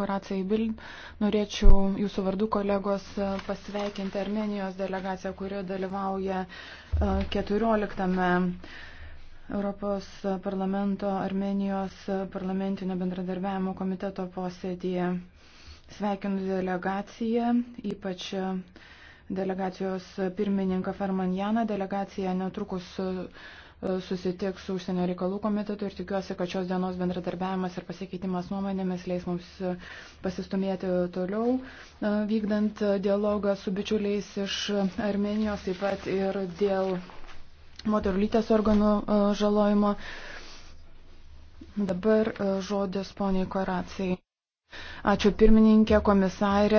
Koracija Ibil, norėčiau jūsų vardų kolegos pasveikinti Armenijos delegaciją, kurioje dalyvauja 14 e, Europos parlamento Armenijos parlamentinio bendradarbiavimo komiteto posėdėje. Sveikinu delegaciją, ypač delegacijos pirmininką Farmanjaną. Delegacija netrukus susitiks su užsienio reikalų komitetu ir tikiuosi, kad šios dienos bendradarbiavimas ir pasikeitimas nuomonėmis leis mums pasistumėti toliau, e, vykdant dialogą su bičiuliais iš Armenijos, taip pat ir dėl moterų lytės organų e, žalojimo. Dabar e, žodis poniai Koracijai. Ačiū pirmininkė, komisarė.